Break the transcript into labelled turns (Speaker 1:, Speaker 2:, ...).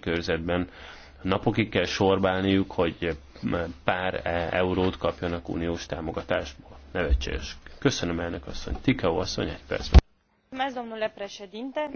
Speaker 1: körzetben napokig kell sorbálniuk, hogy pár eurót kapjanak uniós támogatásból. Nevetséges. Köszönöm elnök asszony. Tikau asszony egy perc.
Speaker 2: Mulțumesc, președinte.